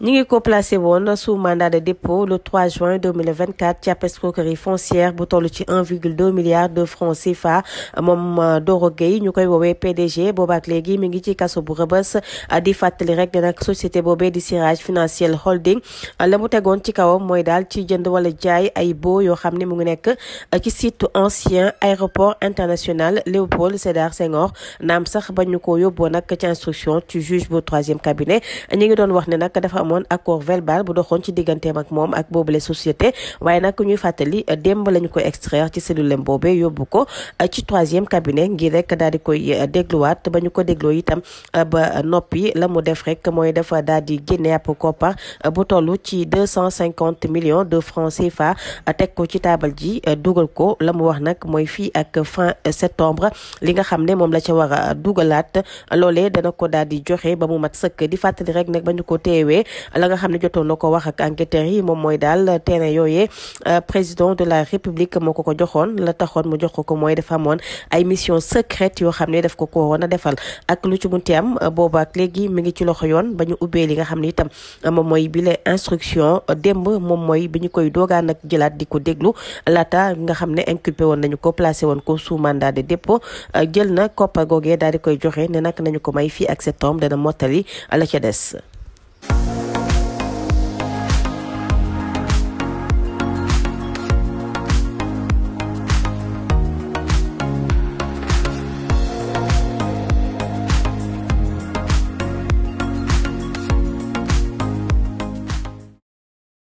ñi ngi ko placé woon sous mandat de dépôt le 3 juin 2024 ci ab escroquerie foncière bu toll ci 1,2 milliard de francs CFA moom Doro Gueye ñu koy woowee PDG boobaak léegi mi ngi ci kaso bu rëbës di fàttali rek ne nag société boobee di Siraj Financial Holding la mu tegoon ci kawam mooy daal ci jënd wala jaay ay baux yoo xam ne mu ngi nekk euh, ci site ancien aéroport international Léopold Sédar Senghor naam sax ba ñu ko yóbboo nag ci instruction ci juge bu troisième cabinet ngi doon wax amoon accord verbal bu doxoon ci digganteem ak moom ak boobule société waaye nag ñuy fàttali démb lañu koy extraire ci cellule boobee yóbbu ko euh, ci troisième cabinet ngir rek daal di koy euh, dégluwaat ba ñu ko dégloo itam euh, ba noppi la mu def rek mooy dafa daal di génne ab koppar bu toll ci deux cent cinquante millions de francs CFA teg ko ci taabal ji dugal ko la mu wax nag mooy fii ak fin septembre li nga xam ne moom la ca war a dugalaat loolee dana ko daal di joxe ba mu mat sëkk di fàttali rek nag ba ko teewee la nga xam ne jotoon na ko wax ak enquêteurs yi moom mooy daal terrain yooyee euh, président de la république moo ko ko joxoon la taxoon mu jox ko ko mooy dafa amoon ay mission secrète yoo xam ne daf ko ko woon a defal ak lu ci munti am booba ak léegi mi ngi ci loxo yoon ba ñu ubbee li nga xam ne itam moom mooy bile instruction démb moom mooy bi ñu koy doogaan ak jëlaat di déglu laata nga xam ne inculpé woon nañu ko placer woon ko sous mandat de dépôt jël na koppa googee daal di koy joxe ne nag nañu ko may fii ak septembre dana mottali la ca des